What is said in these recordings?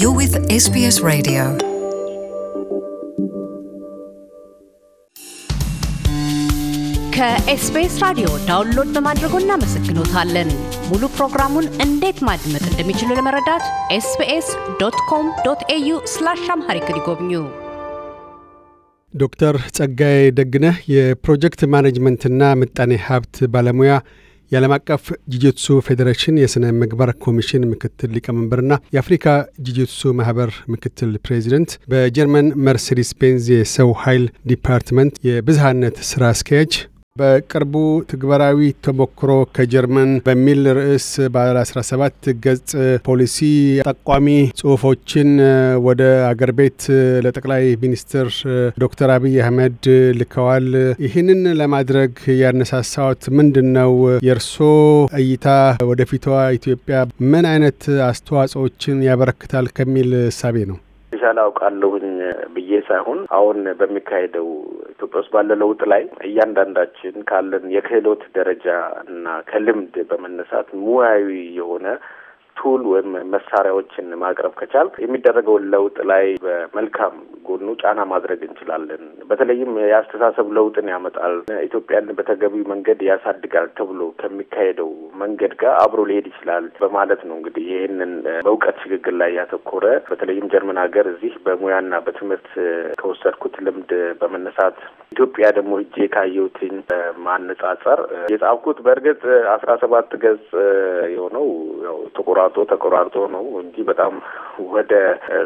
You're with SBS Radio. ከኤስቢኤስ ራዲዮ ዳውንሎድ በማድረጎ እናመሰግኖታለን። ሙሉ ፕሮግራሙን እንዴት ማድመጥ እንደሚችሉ ለመረዳት ኤስቢኤስ ዶት ኮም ዶት ኤዩ ስላሽ አምሃሪክ ይጎብኙ። ዶክተር ጸጋዬ ደግነህ የፕሮጀክት ማኔጅመንትና ምጣኔ ሀብት ባለሙያ የዓለም አቀፍ ጂጂትሱ ፌዴሬሽን የሥነ ምግባር ኮሚሽን ምክትል ሊቀመንበርና የአፍሪካ ጂጂትሱ ማህበር ምክትል ፕሬዚደንት በጀርመን መርሴዲስ ቤንዝ የሰው ኃይል ዲፓርትመንት የብዝሃነት ሥራ አስኪያጅ በቅርቡ ትግበራዊ ተሞክሮ ከጀርመን በሚል ርዕስ ባለ 17 ገጽ ፖሊሲ ጠቋሚ ጽሁፎችን ወደ አገር ቤት ለጠቅላይ ሚኒስትር ዶክተር አብይ አህመድ ልከዋል። ይህንን ለማድረግ ያነሳሳዎት ምንድን ነው? የእርሶ እይታ ወደፊቷ ኢትዮጵያ ምን አይነት አስተዋጽኦችን ያበረክታል ከሚል እሳቤ ነው? የተሻለ አውቃለሁኝ ብዬ ሳይሆን አሁን በሚካሄደው ኢትዮጵያ ውስጥ ባለ ለውጥ ላይ እያንዳንዳችን ካለን የክህሎት ደረጃ እና ከልምድ በመነሳት ሙያዊ የሆነ ቱል ወይም መሳሪያዎችን ማቅረብ ከቻል የሚደረገውን ለውጥ ላይ በመልካም ጎኑ ጫና ማድረግ እንችላለን። በተለይም የአስተሳሰብ ለውጥን ያመጣል፣ ኢትዮጵያን በተገቢ መንገድ ያሳድጋል ተብሎ ከሚካሄደው መንገድ ጋር አብሮ ሊሄድ ይችላል በማለት ነው እንግዲህ ይህንን በእውቀት ሽግግር ላይ ያተኮረ በተለይም ጀርመን ሀገር እዚህ በሙያና በትምህርት ከወሰድኩት ልምድ በመነሳት ኢትዮጵያ ደግሞ እጄ ካየሁትኝ ማነጻጸር የጻፍኩት በእርግጥ አስራ ሰባት ገጽ ተቆራርጦ ተቆራርጦ ነው እንጂ በጣም ወደ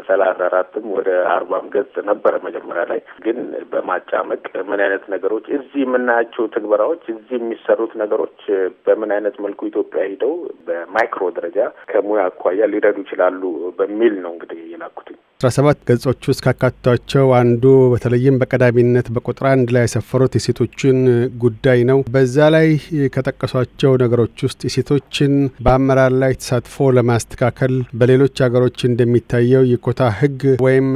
ሰላሳ አራትም ወደ አርባም ገጽ ነበረ መጀመሪያ ላይ። ግን በማጫመቅ ምን አይነት ነገሮች እዚህ የምናያቸው ትግበራዎች፣ እዚህ የሚሰሩት ነገሮች በምን አይነት መልኩ ኢትዮጵያ ሂደው በማይክሮ ደረጃ ከሙያ አኳያ ሊረዱ ይችላሉ በሚል ነው እንግዲህ የላኩትኝ። 17 ገጾች ውስጥ ካካቷቸው አንዱ በተለይም በቀዳሚነት በቁጥር አንድ ላይ ያሰፈሩት የሴቶችን ጉዳይ ነው። በዛ ላይ ከጠቀሷቸው ነገሮች ውስጥ የሴቶችን በአመራር ላይ ተሳትፎ ለማስተካከል በሌሎች ሀገሮች እንደሚታየው የኮታ ህግ ወይም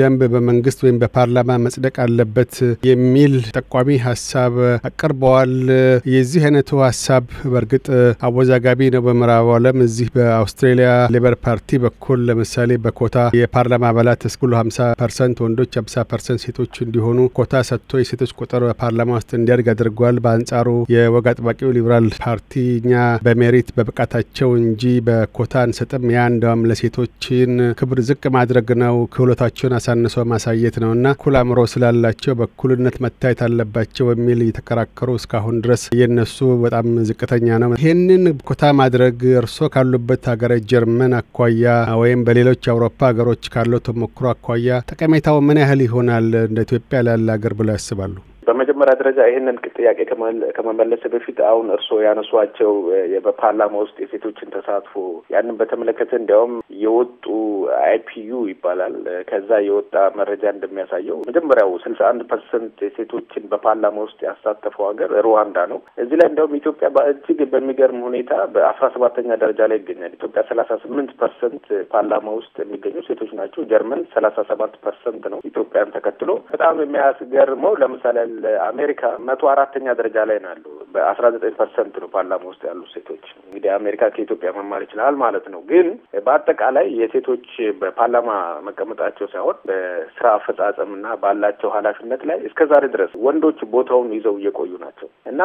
ደንብ በመንግስት ወይም በፓርላማ መጽደቅ አለበት የሚል ጠቋሚ ሀሳብ አቅርበዋል። የዚህ አይነቱ ሀሳብ በእርግጥ አወዛጋቢ ነው። በምዕራብ ዓለም እዚህ በአውስትሬሊያ ሌበር ፓርቲ በኩል ለምሳሌ በኮታ የፓርላማ አባላት እስኩሉ 50 ፐርሰንት ወንዶች፣ 50 ፐርሰንት ሴቶች እንዲሆኑ ኮታ ሰጥቶ የሴቶች ቁጥር በፓርላማ ውስጥ እንዲያድግ አድርጓል። በአንጻሩ የወግ አጥባቂው ሊበራል ፓርቲ እኛ በሜሪት በብቃታቸው እንጂ በኮታ አንሰጥም፣ ያ እንደውም ለሴቶችን ክብር ዝቅ ማድረግ ነው፣ ክህሎታቸውን አሳንሶ ማሳየት ነው እና እኩል አእምሮ ስላላቸው በእኩልነት መታየት አለባቸው በሚል እየተከራከሩ እስካሁን ድረስ የነሱ በጣም ዝቅተኛ ነው። ይህንን ኮታ ማድረግ እርሶ ካሉበት ሀገረ ጀርመን አኳያ ወይም በሌሎች አውሮፓ ሀገሮች ካሉ ካለው ተሞክሮ አኳያ ጠቀሜታው ምን ያህል ይሆናል እንደ ኢትዮጵያ ላለ ሀገር ብለው ያስባሉ? በመጀመሪያ ደረጃ ይህንን ጥያቄ ከመመለስ በፊት አሁን እርስዎ ያነሷቸው በፓርላማ ውስጥ የሴቶችን ተሳትፎ ያንን በተመለከተ እንዲያውም የወጡ አይፒዩ ይባላል ከዛ የወጣ መረጃ እንደሚያሳየው መጀመሪያው ስልሳ አንድ ፐርሰንት ሴቶችን በፓርላማ ውስጥ ያሳተፈው ሀገር ሩዋንዳ ነው። እዚህ ላይ እንዲያውም ኢትዮጵያ በእጅግ በሚገርም ሁኔታ በአስራ ሰባተኛ ደረጃ ላይ ይገኛል። ኢትዮጵያ ሰላሳ ስምንት ፐርሰንት ፓርላማ ውስጥ የሚገኙ ሴቶች ናቸው። ጀርመን ሰላሳ ሰባት ፐርሰንት ነው ኢትዮጵያን ተከትሎ። በጣም የሚያስገርመው ለምሳሌ አሜሪካ መቶ አራተኛ ደረጃ ላይ ናሉ በአስራ ዘጠኝ ፐርሰንት ነው ፓርላማ ውስጥ ያሉ ሴቶች። እንግዲህ አሜሪካ ከኢትዮጵያ መማር ይችላል ማለት ነው። ግን በአጠቃላይ የሴቶች በፓርላማ መቀመጣቸው ሳይሆን በስራ አፈጻጸምና ባላቸው ኃላፊነት ላይ እስከ ዛሬ ድረስ ወንዶች ቦታውን ይዘው እየቆዩ ናቸው እና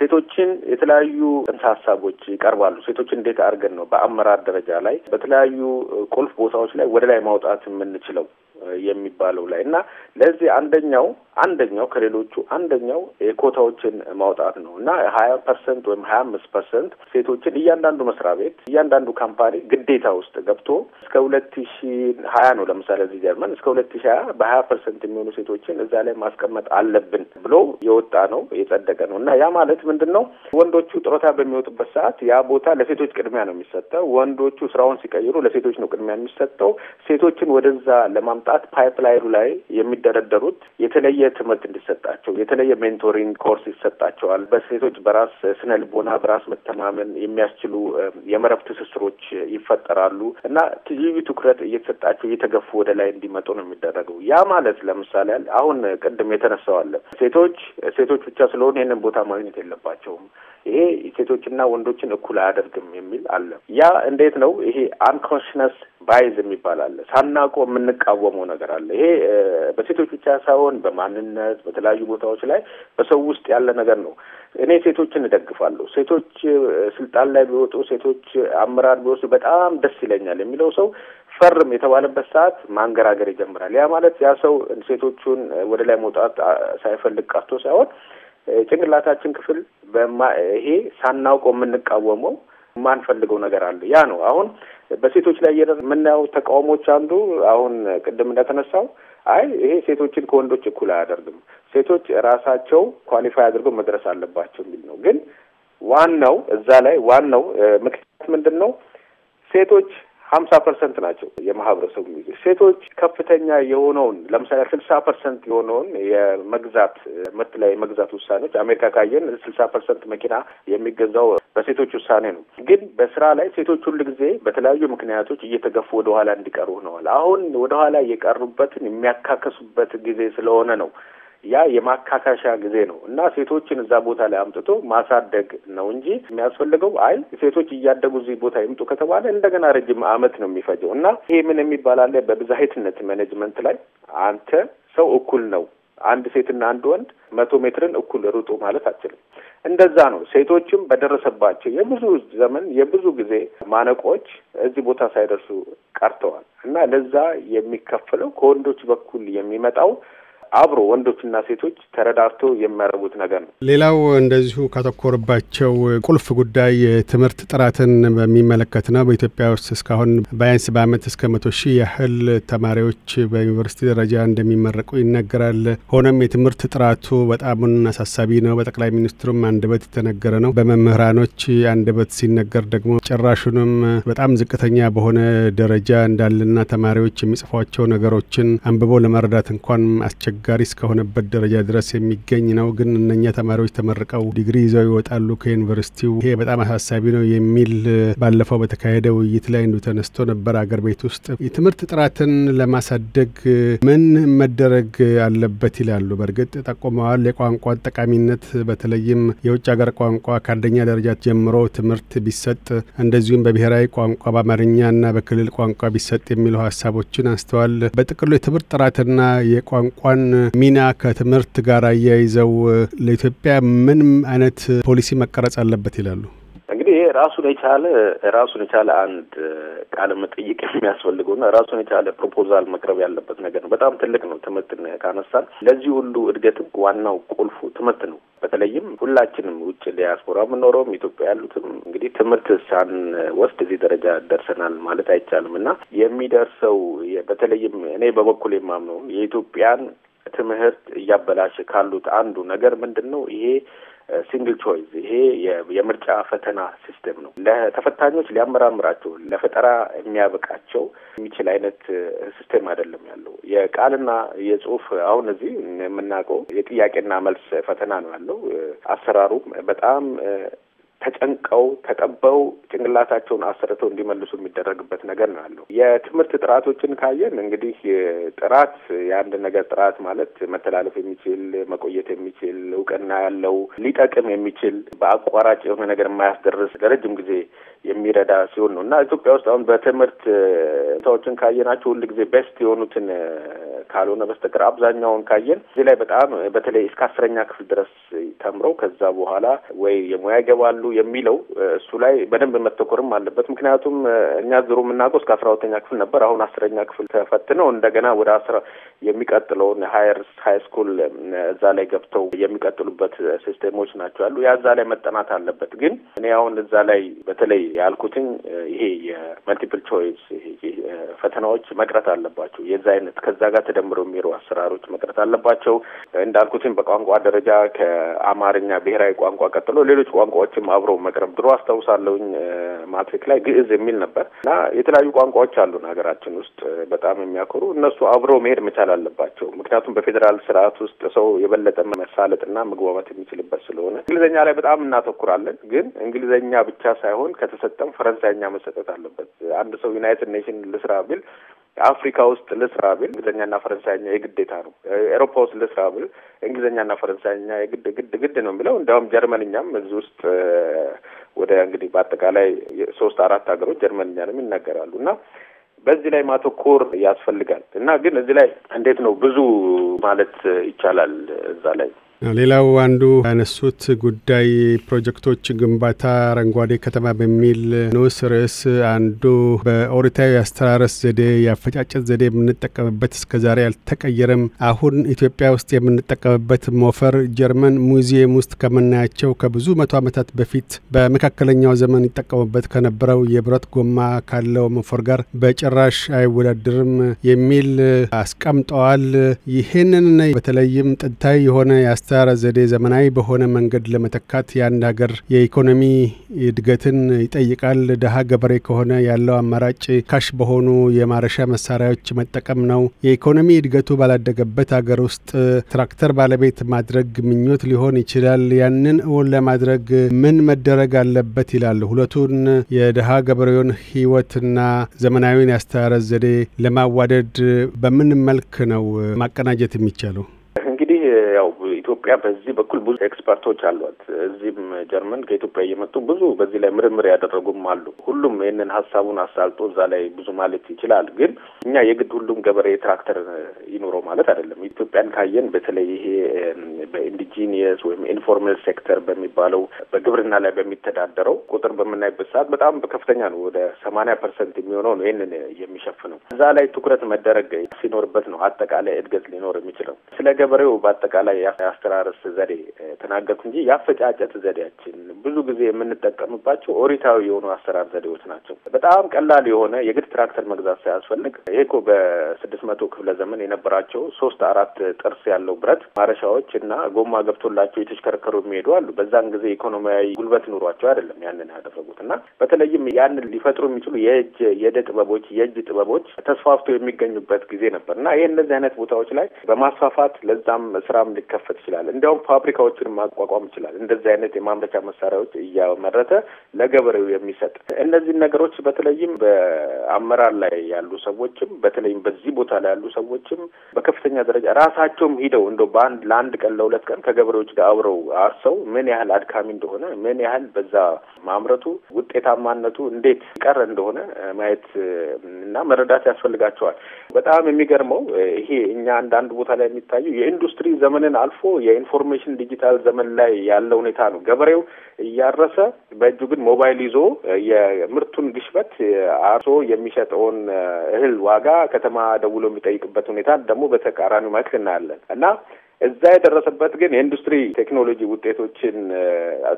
ሴቶችን የተለያዩ ጥንሰ ሀሳቦች ይቀርባሉ። ሴቶችን እንዴት አድርገን ነው በአመራር ደረጃ ላይ በተለያዩ ቁልፍ ቦታዎች ላይ ወደ ላይ ማውጣት የምንችለው የሚባለው ላይ እና ለዚህ አንደኛው አንደኛው ከሌሎቹ አንደኛው የኮታዎችን ማውጣት ነው እና ሀያ ፐርሰንት ወይም ሀያ አምስት ፐርሰንት ሴቶችን እያንዳንዱ መስሪያ ቤት እያንዳንዱ ካምፓኒ ግዴታ ውስጥ ገብቶ እስከ ሁለት ሺ ሀያ ነው ለምሳሌ እዚህ ጀርመን እስከ ሁለት ሺ ሀያ በሀያ ፐርሰንት የሚሆኑ ሴቶችን እዛ ላይ ማስቀመጥ አለብን ብሎ የወጣ ነው የጸደቀ ነው እና ያ ማለት ምንድን ነው ወንዶቹ ጡረታ በሚወጡበት ሰዓት ያ ቦታ ለሴቶች ቅድሚያ ነው የሚሰጠው። ወንዶቹ ስራውን ሲቀይሩ ለሴቶች ነው ቅድሚያ የሚሰጠው። ሴቶችን ወደዛ ለማምጣት ወጣት ፓይፕላይኑ ላይ የሚደረደሩት የተለየ ትምህርት እንዲሰጣቸው የተለየ ሜንቶሪንግ ኮርስ ይሰጣቸዋል። በሴቶች በራስ ስነ ልቦና በራስ መተማመን የሚያስችሉ የመረብ ትስስሮች ይፈጠራሉ እና ልዩ ትኩረት እየተሰጣቸው እየተገፉ ወደ ላይ እንዲመጡ ነው የሚደረገው። ያ ማለት ለምሳሌ አሁን ቅድም የተነሳዋለ ሴቶች ሴቶች ብቻ ስለሆኑ ይህንን ቦታ ማግኘት የለባቸውም ይሄ ሴቶችና ወንዶችን እኩል አያደርግም የሚል አለ። ያ እንዴት ነው? ይሄ አንኮንሽነስ ባይዝ የሚባል አለ። ሳናውቀው የምንቃወሙ የሚጠቅመው ነገር አለ። ይሄ በሴቶች ብቻ ሳይሆን በማንነት በተለያዩ ቦታዎች ላይ በሰው ውስጥ ያለ ነገር ነው። እኔ ሴቶችን እደግፋለሁ። ሴቶች ስልጣን ላይ ቢወጡ፣ ሴቶች አመራር ቢወስዱ በጣም ደስ ይለኛል የሚለው ሰው ፈርም የተባለበት ሰዓት ማንገራገር ይጀምራል። ያ ማለት ያ ሰው ሴቶቹን ወደ ላይ መውጣት ሳይፈልግ ቀርቶ ሳይሆን ጭንቅላታችን ክፍል በማ ይሄ ሳናውቀው የምንቃወመው የማንፈልገው ነገር አለ። ያ ነው አሁን በሴቶች ላይ የምናየው ተቃውሞች አንዱ አሁን ቅድም እንደተነሳው አይ ይሄ ሴቶችን ከወንዶች እኩል አያደርግም፣ ሴቶች ራሳቸው ኳሊፋይ አድርገው መድረስ አለባቸው የሚል ነው። ግን ዋናው እዛ ላይ ዋናው ምክንያት ምንድን ነው? ሴቶች ሀምሳ ፐርሰንት ናቸው የማህበረሰቡ ሚዜ ሴቶች ከፍተኛ የሆነውን ለምሳሌ ስልሳ ፐርሰንት የሆነውን የመግዛት ምርት ላይ የመግዛት ውሳኔዎች አሜሪካ ካየን ስልሳ ፐርሰንት መኪና የሚገዛው በሴቶች ውሳኔ ነው። ግን በስራ ላይ ሴቶች ሁል ጊዜ በተለያዩ ምክንያቶች እየተገፉ ወደኋላ እንዲቀሩ ሆነዋል። አሁን ወደኋላ እየቀሩበትን የሚያካከሱበት ጊዜ ስለሆነ ነው ያ የማካካሻ ጊዜ ነው እና ሴቶችን እዛ ቦታ ላይ አምጥቶ ማሳደግ ነው እንጂ የሚያስፈልገው አይ ሴቶች እያደጉ እዚህ ቦታ ይምጡ ከተባለ እንደገና ረጅም ዓመት ነው የሚፈጀው እና ይሄ ምን የሚባል አለ ማኔጅመንት ላይ አንተ ሰው እኩል ነው አንድ ሴትና አንድ ወንድ መቶ ሜትርን እኩል ሩጡ ማለት አችልም። እንደዛ ነው። ሴቶችም በደረሰባቸው የብዙ ዘመን የብዙ ጊዜ ማነቆች እዚህ ቦታ ሳይደርሱ ቀርተዋል እና ለዛ የሚከፈለው ከወንዶች በኩል የሚመጣው አብሮ ወንዶችና ሴቶች ተረዳርቶ የሚያደርጉት ነገር ነው። ሌላው እንደዚሁ ካተኮርባቸው ቁልፍ ጉዳይ የትምህርት ጥራትን በሚመለከት ነው። በኢትዮጵያ ውስጥ እስካሁን በአያንስ በአመት እስከ መቶ ሺህ ያህል ተማሪዎች በዩኒቨርሲቲ ደረጃ እንደሚመረቁ ይነገራል። ሆኖም የትምህርት ጥራቱ በጣሙን አሳሳቢ ነው። በጠቅላይ ሚኒስትሩም አንደበት የተነገረ ነው። በመምህራኖች አንደበት ሲነገር ደግሞ ጭራሹንም በጣም ዝቅተኛ በሆነ ደረጃ እንዳለና ተማሪዎች የሚጽፏቸው ነገሮችን አንብቦ ለመረዳት እንኳን አስቸግ አስቸጋሪ እስከሆነበት ደረጃ ድረስ የሚገኝ ነው። ግን እነኛ ተማሪዎች ተመርቀው ዲግሪ ይዘው ይወጣሉ ከዩኒቨርሲቲው። ይሄ በጣም አሳሳቢ ነው የሚል ባለፈው በተካሄደ ውይይት ላይ እንዲሁ ተነስቶ ነበር። አገር ቤት ውስጥ የትምህርት ጥራትን ለማሳደግ ምን መደረግ አለበት ይላሉ። በእርግጥ ጠቁመዋል። የቋንቋ ጠቃሚነት በተለይም የውጭ ሀገር ቋንቋ ከአንደኛ ደረጃ ጀምሮ ትምህርት ቢሰጥ እንደዚሁም በብሔራዊ ቋንቋ በአማርኛና በክልል ቋንቋ ቢሰጥ የሚለው ሀሳቦችን አንስተዋል። በጥቅሉ የትምህርት ጥራትና የቋንቋን ሚና ከትምህርት ጋር አያይዘው ለኢትዮጵያ ምን አይነት ፖሊሲ መቀረጽ አለበት ይላሉ? እንግዲህ ይሄ ራሱን የቻለ ራሱን የቻለ አንድ ቃለ መጠይቅ የሚያስፈልገውና ራሱን የቻለ ፕሮፖዛል መቅረብ ያለበት ነገር ነው። በጣም ትልቅ ነው። ትምህርትን ካነሳን ለዚህ ሁሉ እድገትም ዋናው ቁልፉ ትምህርት ነው። በተለይም ሁላችንም ውጭ ዲያስፖራ የምኖረውም ኢትዮጵያ ያሉትም እንግዲህ ትምህርት ሳንወስድ እዚህ ደረጃ ደርሰናል ማለት አይቻልም እና የሚደርሰው በተለይም እኔ በበኩል የማምነው የኢትዮጵያን ትምህርት እያበላሸ ካሉት አንዱ ነገር ምንድን ነው? ይሄ ሲንግል ቾይስ ይሄ የምርጫ ፈተና ሲስተም ነው። ለተፈታኞች ሊያመራምራቸው ለፈጠራ የሚያበቃቸው የሚችል አይነት ሲስተም አይደለም ያለው። የቃልና የጽሁፍ አሁን እዚህ የምናውቀው የጥያቄና መልስ ፈተና ነው ያለው። አሰራሩም በጣም ተጨንቀው ተጠበው ጭንቅላታቸውን አሰርተው እንዲመልሱ የሚደረግበት ነገር ነው ያለው። የትምህርት ጥራቶችን ካየን እንግዲህ ጥራት የአንድ ነገር ጥራት ማለት መተላለፍ የሚችል መቆየት የሚችል እውቅና ያለው ሊጠቅም የሚችል በአቋራጭ የሆነ ነገር የማያስደርስ ለረጅም ጊዜ የሚረዳ ሲሆን ነው እና ኢትዮጵያ ውስጥ አሁን በትምህርት ቦታዎችን ካየናቸው ሁል ጊዜ ቤስት የሆኑትን ካልሆነ በስተቀር አብዛኛውን ካየን እዚህ ላይ በጣም በተለይ እስከ አስረኛ ክፍል ድረስ ተምረው ከዛ በኋላ ወይ የሙያ ይገባሉ የሚለው እሱ ላይ በደንብ መተኮርም አለበት። ምክንያቱም እኛ ዝሮ የምናውቀው እስከ አስራ ሁለተኛ ክፍል ነበር። አሁን አስረኛ ክፍል ተፈትነው እንደገና ወደ አስራ የሚቀጥለውን ሀየር ሀይ ስኩል እዛ ላይ ገብተው የሚቀጥሉበት ሲስቴሞች ናቸው ያሉ። ያ እዛ ላይ መጠናት አለበት። ግን እኔ አሁን እዛ ላይ በተለይ ያልኩትኝ ይሄ የመልቲፕል ቾይስ ፈተናዎች መቅረት አለባቸው። የዛ አይነት ከዛ ጋር ተደምረው የሚሄሩ አሰራሮች መቅረት አለባቸው። እንዳልኩትኝ በቋንቋ ደረጃ ከአማርኛ ብሔራዊ ቋንቋ ቀጥሎ ሌሎች ቋንቋዎችም አብሮ መቅረብ ድሮ አስታውሳለሁኝ ማትሪክ ላይ ግዕዝ የሚል ነበር እና የተለያዩ ቋንቋዎች አሉን ሀገራችን ውስጥ በጣም የሚያኮሩ እነሱ አብሮ መሄድ መቻል አለባቸው። ምክንያቱም በፌዴራል ስርዓት ውስጥ ሰው የበለጠ መሳለጥና መግባባት የሚችልበት ስለሆነ እንግሊዝኛ ላይ በጣም እናተኩራለን። ግን እንግሊዝኛ ብቻ ሳይሆን ከተሰጠም ፈረንሳይኛ መሰጠት አለበት። አንድ ሰው ዩናይትድ ኔሽን ልስራ ቢል አፍሪካ ውስጥ ልስራ ብል እንግሊዝኛና ፈረንሳይኛ የግዴታ ነው። ኤሮፓ ውስጥ ልስራ ብል እንግሊዝኛና ፈረንሳይኛ የግድ ግድ ግድ ነው የሚለው እንዲያውም ጀርመንኛም እዚህ ውስጥ ወደ እንግዲህ በአጠቃላይ ሶስት አራት ሀገሮች ጀርመንኛንም ይናገራሉ እና በዚህ ላይ ማተኮር ያስፈልጋል እና ግን እዚህ ላይ እንዴት ነው ብዙ ማለት ይቻላል እዛ ላይ ሌላው አንዱ ያነሱት ጉዳይ ፕሮጀክቶች ግንባታ አረንጓዴ ከተማ በሚል ንዑስ ርዕስ አንዱ በኦሪታዊ አስተራረስ ዘዴ የአፈጫጨት ዘዴ የምንጠቀምበት እስከዛሬ አልተቀየረም። አሁን ኢትዮጵያ ውስጥ የምንጠቀምበት ሞፈር ጀርመን ሙዚየም ውስጥ ከምናያቸው ከብዙ መቶ ዓመታት በፊት በመካከለኛው ዘመን ይጠቀሙበት ከነበረው የብረት ጎማ ካለው ሞፈር ጋር በጭራሽ አይወዳደርም የሚል አስቀምጠዋል። ይህንን በተለይም ጥንታዊ የሆነ የአሰራር ዘዴ ዘመናዊ በሆነ መንገድ ለመተካት የአንድ ሀገር የኢኮኖሚ እድገትን ይጠይቃል። ድሀ ገበሬ ከሆነ ያለው አማራጭ ካሽ በሆኑ የማረሻ መሳሪያዎች መጠቀም ነው። የኢኮኖሚ እድገቱ ባላደገበት ሀገር ውስጥ ትራክተር ባለቤት ማድረግ ምኞት ሊሆን ይችላል። ያንን እውን ለማድረግ ምን መደረግ አለበት ይላሉ። ሁለቱን የድሀ ገበሬውን ህይወትና ዘመናዊን የአስተራረስ ዘዴ ለማዋደድ በምን መልክ ነው ማቀናጀት የሚቻለው? ኢትዮጵያ በዚህ በኩል ብዙ ኤክስፐርቶች አሏት። እዚህም ጀርመን ከኢትዮጵያ እየመጡ ብዙ በዚህ ላይ ምርምር ያደረጉም አሉ። ሁሉም ይህንን ሀሳቡን አሳልጦ እዛ ላይ ብዙ ማለት ይችላል። ግን እኛ የግድ ሁሉም ገበሬ ትራክተር ይኑረው ማለት አይደለም። ኢትዮጵያን ካየን በተለይ ይሄ በኢንዲጂኒየስ ወይም ኢንፎርማል ሴክተር በሚባለው በግብርና ላይ በሚተዳደረው ቁጥር በምናይበት ሰዓት በጣም በከፍተኛ ነው። ወደ ሰማንያ ፐርሰንት የሚሆነው ነው ይህንን የሚሸፍነው። እዛ ላይ ትኩረት መደረግ ሲኖርበት ነው አጠቃላይ እድገት ሊኖር የሚችለው። ስለ ገበሬው በአጠቃላይ የአስተራረስ ዘዴ ተናገርኩ እንጂ የአፈጫጨት ዘዴያችን ብዙ ጊዜ የምንጠቀምባቸው ኦሪታዊ የሆኑ አሰራር ዘዴዎች ናቸው። በጣም ቀላል የሆነ የግድ ትራክተር መግዛት ሳያስፈልግ ይሄ እኮ በስድስት መቶ ክፍለ ዘመን የነበራቸው ሶስት አራት ጥርስ ያለው ብረት ማረሻዎች እና ጎማ ገብቶላቸው የተሽከረከሩ የሚሄዱ አሉ። በዛን ጊዜ ኢኮኖሚያዊ ጉልበት ኑሯቸው አይደለም ያንን ያደረጉት እና በተለይም ያንን ሊፈጥሩ የሚችሉ የእጅ የእደ ጥበቦች የእጅ ጥበቦች ተስፋፍቶ የሚገኙበት ጊዜ ነበር እና ይህ እነዚህ አይነት ቦታዎች ላይ በማስፋፋት ለዛም ስራም ሊከፈት ይችላል። እንዲያውም ፋብሪካዎችን ማቋቋም ይችላል። እንደዚህ አይነት የማምረቻ መሳሪያዎች እያመረተ ለገበሬው የሚሰጥ እነዚህን ነገሮች በተለይም በአመራር ላይ ያሉ ሰዎችም በተለይም በዚህ ቦታ ላይ ያሉ ሰዎችም በከፍተኛ ደረጃ ራሳቸውም ሂደው እንደ በአንድ ለአንድ ቀን ለሁለት ቀን ከገበሬዎች ጋር አብረው አርሰው ምን ያህል አድካሚ እንደሆነ ምን ያህል በዛ ማምረቱ ውጤታማነቱ እንዴት ቀረ እንደሆነ ማየት እና መረዳት ያስፈልጋቸዋል። በጣም የሚገርመው ይሄ እኛ አንዳንድ ቦታ ላይ የሚታየው የኢንዱስትሪ ዘመንን አልፎ የኢንፎርሜሽን ዲጂታል ዘመን ላይ ያለ ሁኔታ ነው። ገበሬው እያረሰ በእጁ ግን ሞባይል ይዞ የምርቱን ግሽበት አርሶ የሚሸጠውን እህል ዋጋ ከተማ ደውሎ የሚጠይቅበት ሁኔታ ደግሞ በተቃራኒ መልክ እናያለን እና እዛ የደረሰበት ግን የኢንዱስትሪ ቴክኖሎጂ ውጤቶችን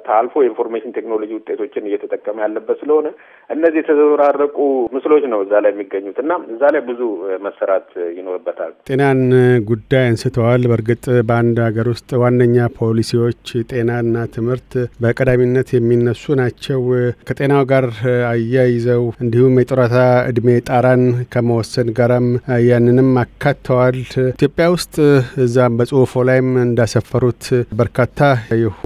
ታልፎ የኢንፎርሜሽን ቴክኖሎጂ ውጤቶችን እየተጠቀመ ያለበት ስለሆነ እነዚህ የተዘበራረቁ ምስሎች ነው እዛ ላይ የሚገኙት እና እዛ ላይ ብዙ መሰራት ይኖርበታል። ጤናን ጉዳይ አንስተዋል። በእርግጥ በአንድ ሀገር ውስጥ ዋነኛ ፖሊሲዎች ጤናና ትምህርት በቀዳሚነት የሚነሱ ናቸው። ከጤናው ጋር አያይዘው እንዲሁም የጡረታ እድሜ ጣራን ከመወሰን ጋራም ያንንም አካተዋል። ኢትዮጵያ ውስጥ እዛም በጽሁፍ ጽሁፎ ላይም እንዳሰፈሩት በርካታ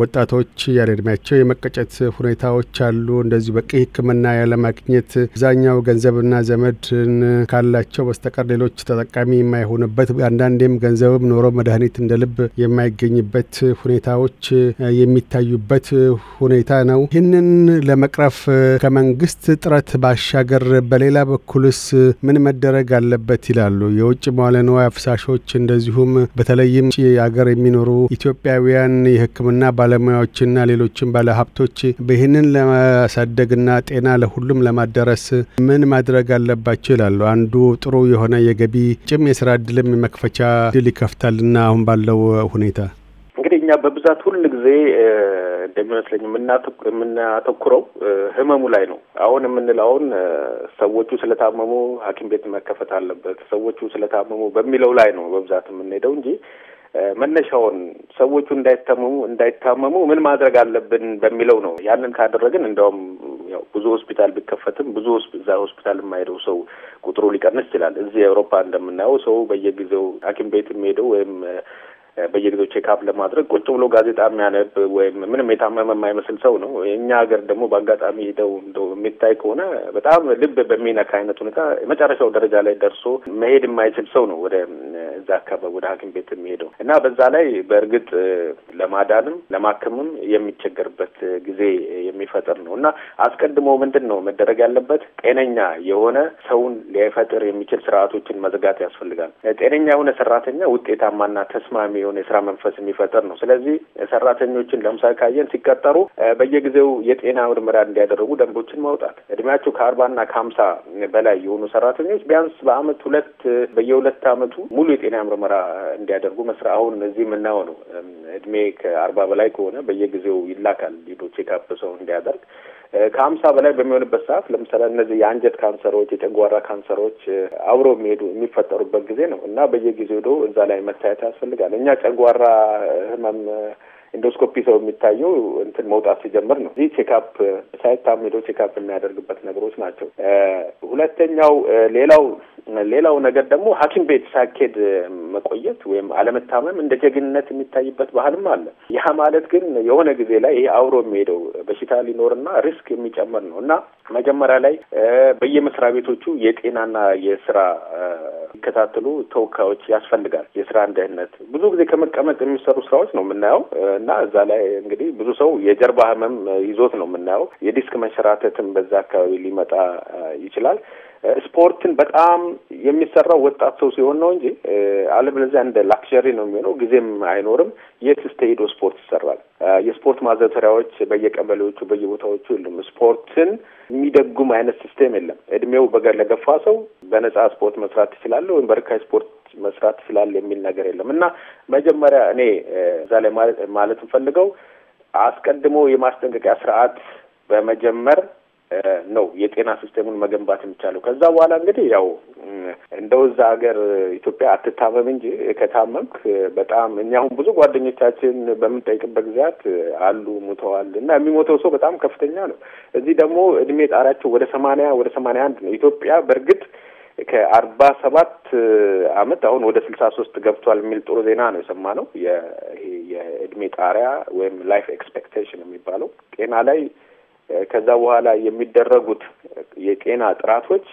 ወጣቶች ያለ እድሜያቸው የመቀጨት ሁኔታዎች አሉ። እንደዚሁ በቂ ሕክምና ያለማግኘት አብዛኛው ገንዘብና ዘመድን ካላቸው በስተቀር ሌሎች ተጠቃሚ የማይሆንበት አንዳንዴም ገንዘብም ኖሮ መድኃኒት እንደ ልብ የማይገኝበት ሁኔታዎች የሚታዩበት ሁኔታ ነው። ይህንን ለመቅረፍ ከመንግስት ጥረት ባሻገር በሌላ በኩልስ ምን መደረግ አለበት ይላሉ? የውጭ መዋለ ንዋይ አፍሳሾች እንደዚሁም በተለይም አገር የሚኖሩ ኢትዮጵያውያን የሕክምና ባለሙያዎችና ሌሎችም ባለሀብቶች ይህንን ለማሳደግና ጤና ለሁሉም ለማዳረስ ምን ማድረግ አለባቸው ይላሉ። አንዱ ጥሩ የሆነ የገቢ ጭም የስራ እድልም የመክፈቻ እድል ይከፍታልና አሁን ባለው ሁኔታ እንግዲህ እኛ በብዛት ሁል ጊዜ እንደሚመስለኝ የምናተኩረው ህመሙ ላይ ነው። አሁን የምንለውን ሰዎቹ ስለታመሙ ሐኪም ቤት መከፈት አለበት፣ ሰዎቹ ስለታመሙ በሚለው ላይ ነው በብዛት የምንሄደው እንጂ መነሻውን ሰዎቹ እንዳይታመሙ እንዳይታመሙ ምን ማድረግ አለብን በሚለው ነው። ያንን ካደረግን እንደውም ያው ብዙ ሆስፒታል ቢከፈትም ብዙ እዛ ሆስፒታል የማይሄደው ሰው ቁጥሩ ሊቀንስ ይችላል። እዚህ አውሮፓ እንደምናየው ሰው በየጊዜው ሐኪም ቤት የሚሄደው ወይም በየጊዜው ቼክአፕ ለማድረግ ቁጭ ብሎ ጋዜጣ የሚያነብ ወይም ምንም የታመመ የማይመስል ሰው ነው። እኛ ሀገር ደግሞ በአጋጣሚ ሄደው የሚታይ ከሆነ በጣም ልብ በሚነካ አይነት ሁኔታ የመጨረሻው ደረጃ ላይ ደርሶ መሄድ የማይችል ሰው ነው ወደ እዛ አካባቢ ወደ ሐኪም ቤት የሚሄደው እና በዛ ላይ በእርግጥ ለማዳንም ለማከምም የሚቸገርበት ጊዜ የሚፈጥር ነው እና አስቀድሞ ምንድን ነው መደረግ ያለበት ጤነኛ የሆነ ሰውን ሊፈጥር የሚችል ስርዓቶችን መዘጋት ያስፈልጋል። ጤነኛ የሆነ ሰራተኛ ውጤታማና ተስማሚ የሆነ የስራ መንፈስ የሚፈጠር ነው። ስለዚህ ሰራተኞችን ለምሳሌ ካየን ሲቀጠሩ በየጊዜው የጤና ምርመራ እንዲያደርጉ ደንቦችን ማውጣት፣ እድሜያቸው ከአርባና ከሀምሳ በላይ የሆኑ ሰራተኞች ቢያንስ በአመት ሁለት በየሁለት አመቱ ሙሉ የጤና ምርመራ እንዲያደርጉ መስራ አሁን እዚህ የምናየው ነው። እድሜ ከአርባ በላይ ከሆነ በየጊዜው ይላካል ሊዶ ቼክአፕ ሰው እንዲያደርግ ከሀምሳ በላይ በሚሆንበት ሰዓት ለምሳሌ እነዚህ የአንጀት ካንሰሮች፣ የጨጓራ ካንሰሮች አብሮ የሚሄዱ የሚፈጠሩበት ጊዜ ነው እና በየጊዜው ዶ እዛ ላይ መታየት ያስፈልጋል። እኛ ጨጓራ ህመም ኢንዶስኮፒ ሰው የሚታየው እንትን መውጣት ሲጀምር ነው። እዚህ ቼክአፕ ሳይታም ሄዶ ቼክአፕ የሚያደርግበት ነገሮች ናቸው። ሁለተኛው ሌላው ሌላው ነገር ደግሞ ሐኪም ቤት ሳኬድ መቆየት ወይም አለመታመም እንደ ጀግንነት የሚታይበት ባህልም አለ። ያ ማለት ግን የሆነ ጊዜ ላይ ይሄ አብሮ የሚሄደው በሽታ ሊኖርና ሪስክ የሚጨምር ነው እና መጀመሪያ ላይ በየመስሪያ ቤቶቹ የጤናና የስራ የሚከታተሉ ተወካዮች ያስፈልጋል። የስራን ደህንነት ብዙ ጊዜ ከመቀመጥ የሚሰሩ ስራዎች ነው የምናየው። እና እዛ ላይ እንግዲህ ብዙ ሰው የጀርባ ህመም ይዞት ነው የምናየው። የዲስክ መንሸራተትም በዛ አካባቢ ሊመጣ ይችላል። ስፖርትን በጣም የሚሰራው ወጣት ሰው ሲሆን ነው እንጂ አለበለዚያ እንደ ላክሸሪ ነው የሚሆነው። ጊዜም አይኖርም። የት ስተሄዶ ስፖርት ይሰራል? የስፖርት ማዘውተሪያዎች በየቀበሌዎቹ በየቦታዎቹ የሉም። ስፖርትን የሚደጉም አይነት ሲስቴም የለም። እድሜው ለገፋ ሰው በነጻ ስፖርት መስራት ትችላለህ ወይም በርካይ ስፖርት መስራት ስላለ የሚል ነገር የለም እና መጀመሪያ እኔ እዛ ላይ ማለት እንፈልገው አስቀድሞ የማስጠንቀቂያ ስርዓት በመጀመር ነው የጤና ሲስተሙን መገንባት የሚቻለው። ከዛ በኋላ እንግዲህ ያው እንደው እዛ ሀገር ኢትዮጵያ አትታመም እንጂ ከታመምክ በጣም እኛ አሁን ብዙ ጓደኞቻችን በምንጠይቅበት ጊዜያት አሉ ሙተዋል፣ እና የሚሞተው ሰው በጣም ከፍተኛ ነው። እዚህ ደግሞ እድሜ ጣሪያቸው ወደ ሰማንያ ወደ ሰማንያ አንድ ነው። ኢትዮጵያ በእርግጥ ከአርባ ሰባት አመት አሁን ወደ ስልሳ ሶስት ገብቷል የሚል ጥሩ ዜና ነው የሰማ ነው። የእድሜ ጣሪያ ወይም ላይፍ ኤክስፔክቴሽን የሚባለው ጤና ላይ ከዛ በኋላ የሚደረጉት የጤና ጥራቶች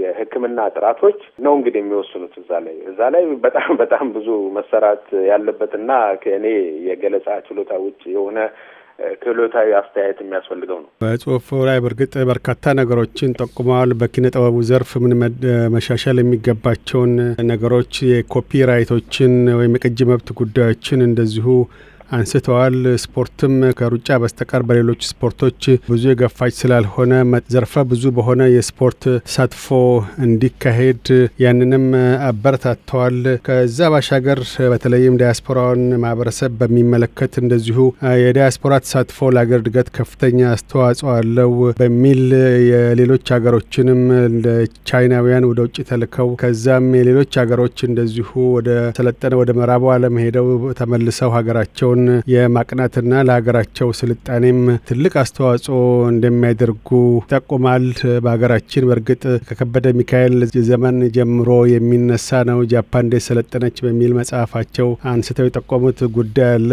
የሕክምና ጥራቶች ነው እንግዲህ የሚወስኑት እዛ ላይ እዛ ላይ በጣም በጣም ብዙ መሰራት ያለበት እና ከእኔ የገለጻ ችሎታ ውጭ የሆነ ክህሎታዊ አስተያየት የሚያስፈልገው ነው። በጽሁፉ ላይ በእርግጥ በርካታ ነገሮችን ጠቁመዋል። በኪነ ጥበቡ ዘርፍ ምን መሻሻል የሚገባቸውን ነገሮች፣ የኮፒራይቶችን ወይም የቅጂ መብት ጉዳዮችን እንደዚሁ አንስተዋል። ስፖርትም ከሩጫ በስተቀር በሌሎች ስፖርቶች ብዙ የገፋች ስላልሆነ ዘርፈ ብዙ በሆነ የስፖርት ተሳትፎ እንዲካሄድ ያንንም አበረታተዋል። ከዛ ባሻገር በተለይም ዲያስፖራውን ማህበረሰብ በሚመለከት እንደዚሁ የዲያስፖራ ተሳትፎ ለሀገር እድገት ከፍተኛ አስተዋጽኦ አለው በሚል የሌሎች ሀገሮችንም ቻይናውያን ወደ ውጭ ተልከው ከዛም የሌሎች ሀገሮች እንደዚሁ ወደ ሰለጠነ ወደ ምዕራቡ ዓለም ሄደው ተመልሰው ሀገራቸውን ሀገራቸውን የማቅናትና ለሀገራቸው ስልጣኔም ትልቅ አስተዋጽኦ እንደሚያደርጉ ይጠቁማል። በሀገራችን በእርግጥ ከከበደ ሚካኤል ዘመን ጀምሮ የሚነሳ ነው። ጃፓን እንዴት ሰለጠነች በሚል መጽሐፋቸው አንስተው የጠቆሙት ጉዳይ አለ።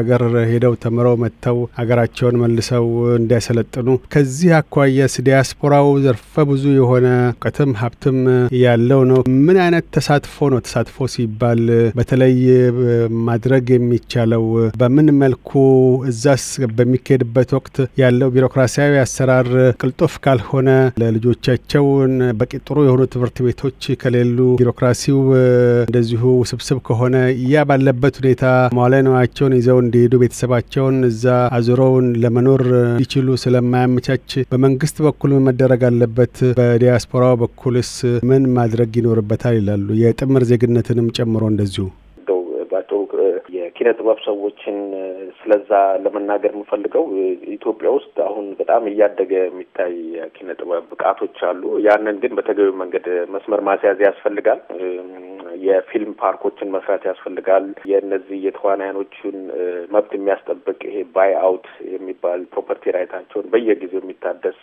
ሀገር ሄደው ተምረው መጥተው ሀገራቸውን መልሰው እንዲያሰለጥኑ ከዚህ አኳያስ ዲያስፖራው ዘርፈ ብዙ የሆነ እውቀትም ሀብትም ያለው ነው። ምን አይነት ተሳትፎ ነው? ተሳትፎ ሲባል በተለይ ማድረግ የሚቻለው በምን መልኩ እዛስ በሚካሄድበት ወቅት ያለው ቢሮክራሲያዊ አሰራር ቅልጦፍ ካልሆነ ለልጆቻቸውን በቂ ጥሩ የሆኑ ትምህርት ቤቶች ከሌሉ ቢሮክራሲው እንደዚሁ ውስብስብ ከሆነ እያ ባለበት ሁኔታ መዋዕለ ንዋያቸውን ይዘው እንዲሄዱ ቤተሰባቸውን እዛ አዙረውን ለመኖር ሊችሉ ስለማያመቻች በመንግስት በኩል ምን መደረግ አለበት፣ በዲያስፖራው በኩልስ ምን ማድረግ ይኖርበታል ይላሉ። የጥምር ዜግነትንም ጨምሮ እንደዚሁ የኪነ ጥበብ ሰዎችን ስለዛ ለመናገር የምፈልገው ኢትዮጵያ ውስጥ አሁን በጣም እያደገ የሚታይ የኪነ ጥበብ ብቃቶች አሉ። ያንን ግን በተገቢ መንገድ መስመር ማስያዝ ያስፈልጋል። የፊልም ፓርኮችን መስራት ያስፈልጋል። የእነዚህ የተዋናያኖቹን መብት የሚያስጠብቅ ይሄ ባይ አውት የሚባል ፕሮፐርቲ ራይታቸውን በየጊዜው የሚታደስ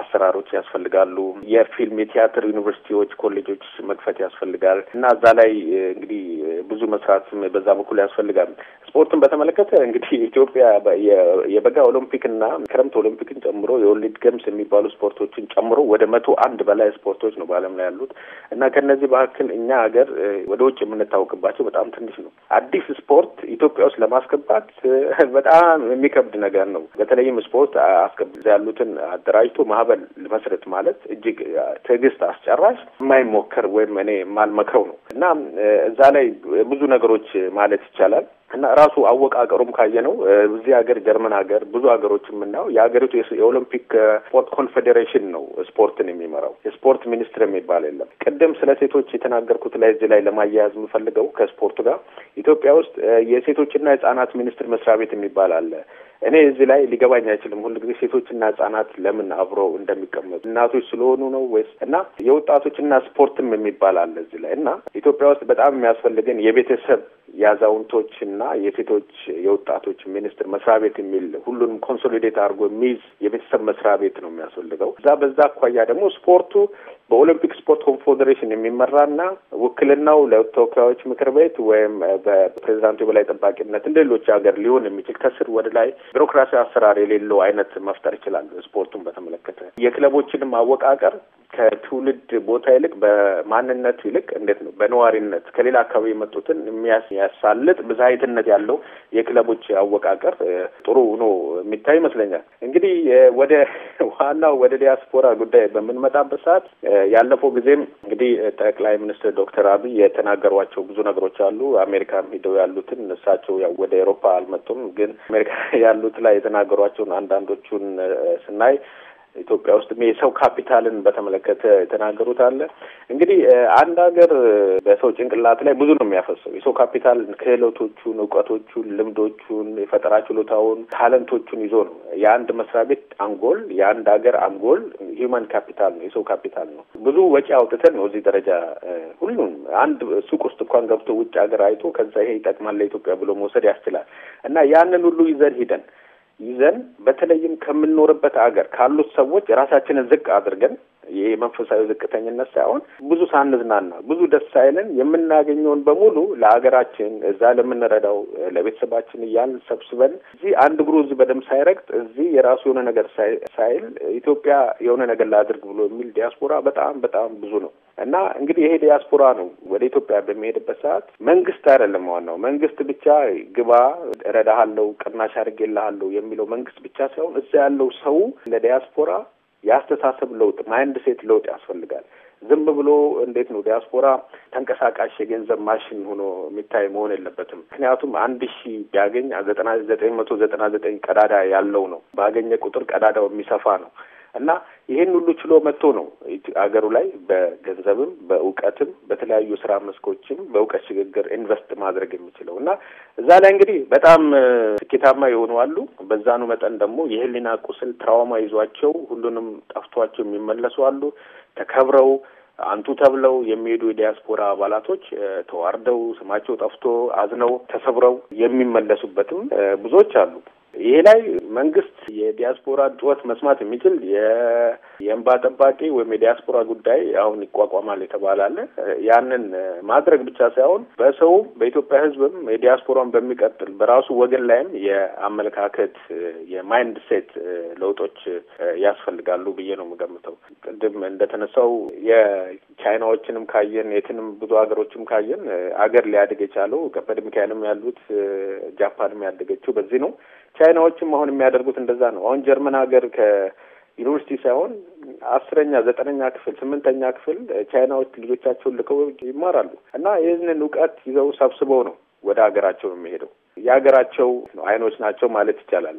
አሰራሮች ያስፈልጋሉ። የፊልም የቲያትር ዩኒቨርሲቲዎች፣ ኮሌጆች መክፈት ያስፈልጋል እና እዛ ላይ እንግዲህ ብዙ መስራትም በዛ በኩል ያስፈልጋል። ስፖርትን በተመለከተ እንግዲህ ኢትዮጵያ የበጋ ኦሎምፒክና ክረምት ኦሎምፒክን ጨምሮ የወሊድ ገምስ የሚባሉ ስፖርቶችን ጨምሮ ወደ መቶ አንድ በላይ ስፖርቶች ነው በዓለም ላይ ያሉት እና ከነዚህ መካከል እኛ ሀገር ወደ ውጭ የምንታወቅባቸው በጣም ትንሽ ነው። አዲስ ስፖርት ኢትዮጵያ ውስጥ ለማስገባት በጣም የሚከብድ ነገር ነው። በተለይም ስፖርት አስገብ ያሉትን አደራጅቶ ማህበር መስረት ማለት እጅግ ትዕግስት አስጨራሽ የማይሞከር ወይም እኔ የማልመክረው ነው እና እዛ ላይ ብዙ ነገሮች ማለት ይቻላል እና ራሱ አወቃቀሩም ካየ ነው እዚህ ሀገር ጀርመን ሀገር ብዙ ሀገሮች የምናየው የሀገሪቱ የኦሎምፒክ ስፖርት ኮንፌዴሬሽን ነው ስፖርትን የሚመራው የስፖርት ሚኒስትር የሚባል የለም። ቅድም ስለ ሴቶች የተናገርኩት ላይ እዚህ ላይ ለማያያዝ የምፈልገው ከስፖርቱ ጋር ኢትዮጵያ ውስጥ የሴቶችና የህጻናት ሚኒስትር መስሪያ ቤት የሚባል አለ። እኔ እዚህ ላይ ሊገባኝ አይችልም። ሁሉ ጊዜ ሴቶችና ህጻናት ለምን አብረው እንደሚቀመጡ እናቶች ስለሆኑ ነው ወይስ እና የወጣቶችና ስፖርትም የሚባል አለ እዚህ ላይ እና ኢትዮጵያ ውስጥ በጣም የሚያስፈልገን የቤተሰብ የአዛውንቶችና የሴቶች የወጣቶች ሚኒስትር መስሪያ ቤት የሚል ሁሉንም ኮንሶሊዴት አድርጎ የሚይዝ የቤተሰብ መስሪያ ቤት ነው የሚያስፈልገው። እዛ በዛ አኳያ ደግሞ ስፖርቱ በኦሎምፒክ ስፖርት ኮንፌዴሬሽን የሚመራና ውክልናው ለተወካዮች ምክር ቤት ወይም በፕሬዚዳንቱ የበላይ ጠባቂነት እንደ ሌሎች ሀገር ሊሆን የሚችል ከስር ወደ ላይ ቢሮክራሲ አሰራር የሌለው አይነት መፍጠር ይችላል። ስፖርቱን በተመለከተ የክለቦችንም አወቃቀር ከትውልድ ቦታ ይልቅ በማንነቱ ይልቅ እንዴት ነው በነዋሪነት ከሌላ አካባቢ የመጡትን የሚያሳልጥ ብዛይትነት ያለው የክለቦች አወቃቀር ጥሩ ሆኖ የሚታይ ይመስለኛል። እንግዲህ ወደ ዋናው ወደ ዲያስፖራ ጉዳይ በምንመጣበት ሰዓት ያለፈው ጊዜም እንግዲህ ጠቅላይ ሚኒስትር ዶክተር አብይ የተናገሯቸው ብዙ ነገሮች አሉ። አሜሪካም ሂደው ያሉትን እሳቸው ያው ወደ ኤሮፓ አልመጡም፣ ግን አሜሪካ ያሉት ላይ የተናገሯቸውን አንዳንዶቹን ስናይ ኢትዮጵያ ውስጥ የሰው ካፒታልን በተመለከተ የተናገሩት አለ። እንግዲህ አንድ ሀገር በሰው ጭንቅላት ላይ ብዙ ነው የሚያፈሰው። የሰው ካፒታል ክህሎቶቹን፣ እውቀቶቹን፣ ልምዶቹን፣ የፈጠራ ችሎታውን፣ ታለንቶቹን ይዞ ነው የአንድ መስሪያ ቤት አንጎል፣ የአንድ ሀገር አንጎል ሂውማን ካፒታል ነው፣ የሰው ካፒታል ነው። ብዙ ወጪ አውጥተን ነው እዚህ ደረጃ ሁሉም አንድ ሱቅ ውስጥ እንኳን ገብቶ ውጭ ሀገር አይቶ ከዛ ይሄ ይጠቅማል ለኢትዮጵያ ብሎ መውሰድ ያስችላል እና ያንን ሁሉ ይዘን ሂደን ይዘን በተለይም ከምንኖርበት አገር ካሉት ሰዎች ራሳችንን ዝቅ አድርገን ይሄ መንፈሳዊ ዝቅተኝነት ሳይሆን ብዙ ሳንዝናና ብዙ ደስ ሳይለን የምናገኘውን በሙሉ ለሀገራችን እዛ ለምንረዳው ለቤተሰባችን እያልን ሰብስበን እዚህ አንድ እግሩ እዚህ በደምብ ሳይረግጥ እዚህ የራሱ የሆነ ነገር ሳይል ኢትዮጵያ የሆነ ነገር ላድርግ ብሎ የሚል ዲያስፖራ በጣም በጣም ብዙ ነው። እና እንግዲህ ይሄ ዲያስፖራ ነው ወደ ኢትዮጵያ በሚሄድበት ሰዓት መንግስት አይደለም ዋናው። መንግስት ብቻ ግባ፣ እረዳሃለሁ፣ ቅናሽ አድርጌልሃለሁ የሚለው መንግስት ብቻ ሳይሆን እዛ ያለው ሰው ለዲያስፖራ የአስተሳሰብ ለውጥ ማይንድ ሴት ለውጥ ያስፈልጋል። ዝም ብሎ እንዴት ነው ዲያስፖራ ተንቀሳቃሽ የገንዘብ ማሽን ሆኖ የሚታይ መሆን የለበትም። ምክንያቱም አንድ ሺ ቢያገኝ ዘጠና ዘጠኝ መቶ ዘጠና ዘጠኝ ቀዳዳ ያለው ነው። ባገኘ ቁጥር ቀዳዳው የሚሰፋ ነው። እና ይህን ሁሉ ችሎ መጥቶ ነው አገሩ ላይ በገንዘብም በእውቀትም በተለያዩ ስራ መስኮችም በእውቀት ሽግግር ኢንቨስት ማድረግ የሚችለው እና እዛ ላይ እንግዲህ በጣም ስኬታማ የሆኑ አሉ። በዛኑ መጠን ደግሞ የህሊና ቁስል ትራውማ ይዟቸው ሁሉንም ጠፍቷቸው የሚመለሱ አሉ። ተከብረው አንቱ ተብለው የሚሄዱ የዲያስፖራ አባላቶች ተዋርደው ስማቸው ጠፍቶ አዝነው ተሰብረው የሚመለሱበትም ብዙዎች አሉ። ይሄ ላይ መንግስት የዲያስፖራ ጩኸት መስማት የሚችል የእንባ ጠባቂ ወይም የዲያስፖራ ጉዳይ አሁን ይቋቋማል የተባለ አለ። ያንን ማድረግ ብቻ ሳይሆን በሰውም በኢትዮጵያ ሕዝብም የዲያስፖራን በሚቀጥል በራሱ ወገን ላይም የአመለካከት የማይንድ ሴት ለውጦች ያስፈልጋሉ ብዬ ነው የምገምተው። ቅድም እንደተነሳው የቻይናዎችንም ካየን የትንም ብዙ ሀገሮችም ካየን አገር ሊያድግ የቻለው በዕድሜ ያሉት ጃፓንም ያደገችው በዚህ ነው። ቻይናዎችም አሁን የሚያደርጉት እንደዛ ነው። አሁን ጀርመን ሀገር ከዩኒቨርሲቲ ሳይሆን አስረኛ ዘጠነኛ ክፍል ስምንተኛ ክፍል ቻይናዎች ልጆቻቸውን ልከው ይማራሉ እና ይህንን እውቀት ይዘው ሰብስበው ነው ወደ ሀገራቸው የሚሄደው። የሀገራቸው አይኖች ናቸው ማለት ይቻላል።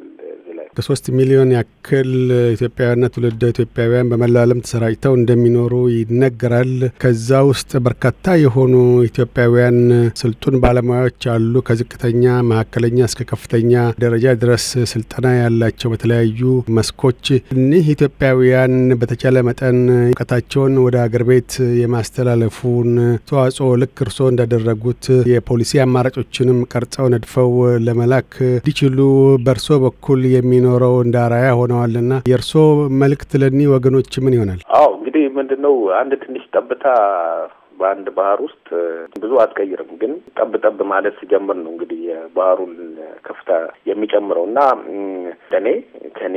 ላይ ከሶስት ሚሊዮን ያክል ኢትዮጵያውያንና ትውልደ ኢትዮጵያውያን በመላው ዓለም ተሰራጭተው እንደሚኖሩ ይነገራል። ከዛ ውስጥ በርካታ የሆኑ ኢትዮጵያውያን ስልጡን ባለሙያዎች አሉ። ከዝቅተኛ መካከለኛ እስከ ከፍተኛ ደረጃ ድረስ ስልጠና ያላቸው በተለያዩ መስኮች እኒህ ኢትዮጵያውያን በተቻለ መጠን እውቀታቸውን ወደ አገር ቤት የማስተላለፉን ተዋጽኦ ልክ እርስዎ እንዳደረጉት የፖሊሲ አማራጮችንም ቀርጸው ነድፈው ለመላክ እንዲችሉ በእርስዎ በኩል የሚኖረው እንደ አራያ ሆነዋልና የእርስዎ መልእክት ለኒህ ወገኖች ምን ይሆናል? አዎ እንግዲህ ምንድን ነው አንድ ትንሽ ጠብታ በአንድ ባህር ውስጥ ብዙ አትቀይርም፣ ግን ጠብ ጠብ ማለት ሲጀምር ነው እንግዲህ የባህሩን ከፍታ የሚጨምረው እና እኔ ከኔ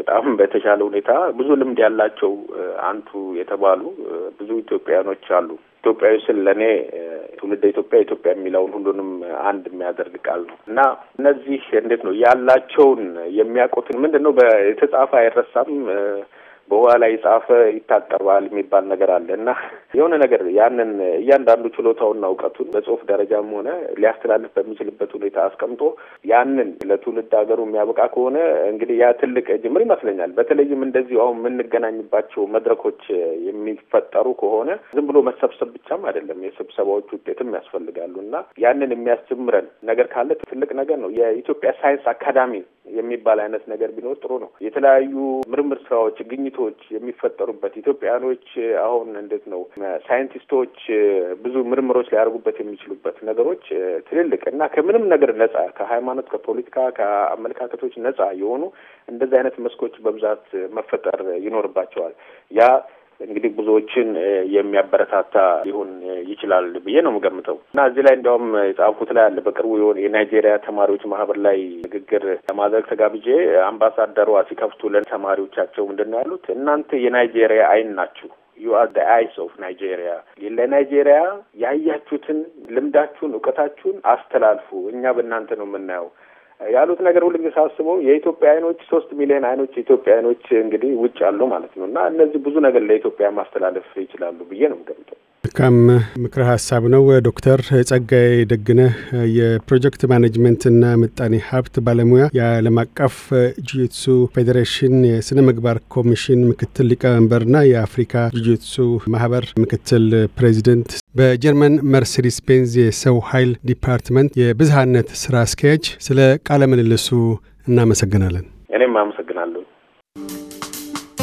በጣም በተሻለ ሁኔታ ብዙ ልምድ ያላቸው አንቱ የተባሉ ብዙ ኢትዮጵያኖች አሉ። ኢትዮጵያዊ ስል ለእኔ ትውልደ ኢትዮጵያ ኢትዮጵያ የሚለውን ሁሉንም አንድ የሚያደርግ ቃል ነው እና እነዚህ እንዴት ነው ያላቸውን የሚያውቁትን ምንድን ነው የተጻፈ አይረሳም በውሃ ላይ የጻፈ ይታጠባል የሚባል ነገር አለ እና የሆነ ነገር ያንን እያንዳንዱ ችሎታውና እውቀቱን በጽሁፍ ደረጃም ሆነ ሊያስተላልፍ በሚችልበት ሁኔታ አስቀምጦ ያንን ለትውልድ ሀገሩ የሚያበቃ ከሆነ እንግዲህ ያ ትልቅ ጅምር ይመስለኛል። በተለይም እንደዚሁ አሁን የምንገናኝባቸው መድረኮች የሚፈጠሩ ከሆነ ዝም ብሎ መሰብሰብ ብቻም አይደለም፣ የስብሰባዎች ውጤትም ያስፈልጋሉ እና ያንን የሚያስጀምረን ነገር ካለ ትልቅ ነገር ነው። የኢትዮጵያ ሳይንስ አካዳሚ የሚባል አይነት ነገር ቢኖር ጥሩ ነው። የተለያዩ ምርምር ስራዎች፣ ግኝቶች የሚፈጠሩበት ኢትዮጵያውያኖች አሁን እንዴት ነው ሳይንቲስቶች ብዙ ምርምሮች ሊያደርጉበት የሚችሉበት ነገሮች ትልልቅ እና ከምንም ነገር ነጻ ከሃይማኖት፣ ከፖለቲካ፣ ከአመለካከቶች ነጻ የሆኑ እንደዚህ አይነት መስኮች በብዛት መፈጠር ይኖርባቸዋል። ያ እንግዲህ ብዙዎችን የሚያበረታታ ሊሆን ይችላል ብዬ ነው የምገምተው እና እዚህ ላይ እንዲያውም የጻፍኩት ላይ አለ። በቅርቡ የሆነ የናይጄሪያ ተማሪዎች ማህበር ላይ ንግግር ለማድረግ ተጋብዤ አምባሳደሯ ሲከፍቱ ለተማሪዎቻቸው ምንድን ነው ያሉት? እናንተ የናይጄሪያ አይን ናችሁ ዩ አር ደ አይስ ኦፍ ናይጄሪያ ለናይጄሪያ ያያችሁትን ልምዳችሁን፣ እውቀታችሁን አስተላልፉ። እኛ በእናንተ ነው የምናየው ያሉት ነገር ሁሉ ጊዜ ሳስበው የኢትዮጵያ አይኖች ሶስት ሚሊዮን አይኖች የኢትዮጵያ አይኖች እንግዲህ ውጭ አሉ ማለት ነው እና እነዚህ ብዙ ነገር ለኢትዮጵያ ማስተላለፍ ይችላሉ ብዬ ነው የምገምጠው። መልካም ምክረ ሀሳብ ነው። ዶክተር ጸጋይ ደግነህ የፕሮጀክት ማኔጅመንትና ምጣኔ ሀብት ባለሙያ፣ የዓለም አቀፍ ጁጅትሱ ፌዴሬሽን የስነ ምግባር ኮሚሽን ምክትል ሊቀመንበርና የአፍሪካ ጁጅትሱ ማህበር ምክትል ፕሬዚደንት፣ በጀርመን መርሴዲስ ቤንዝ የሰው ኃይል ዲፓርትመንት የብዝሃነት ስራ አስኪያጅ፣ ስለ ቃለ ምልልሱ እናመሰግናለን። እኔም አመሰግናለሁ።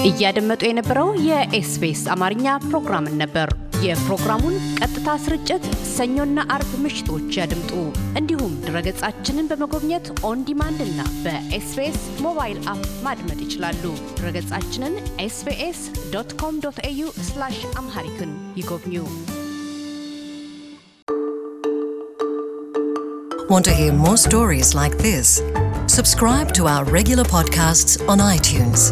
እያደመጡ የነበረው የኤስቢኤስ አማርኛ ፕሮግራምን ነበር። የፕሮግራሙን ቀጥታ ስርጭት ሰኞና አርብ ምሽቶች ያድምጡ። እንዲሁም ድረገጻችንን በመጎብኘት ኦንዲማንድ እና በኤስቤስ ሞባይል አፕ ማድመጥ ይችላሉ። ድረገጻችንን ኤስቢኤስ ዶት ኮም ዶት ኤዩ አምሃሪክን ይጎብኙ። Want to hear more stories like this? Subscribe to our regular podcasts on iTunes.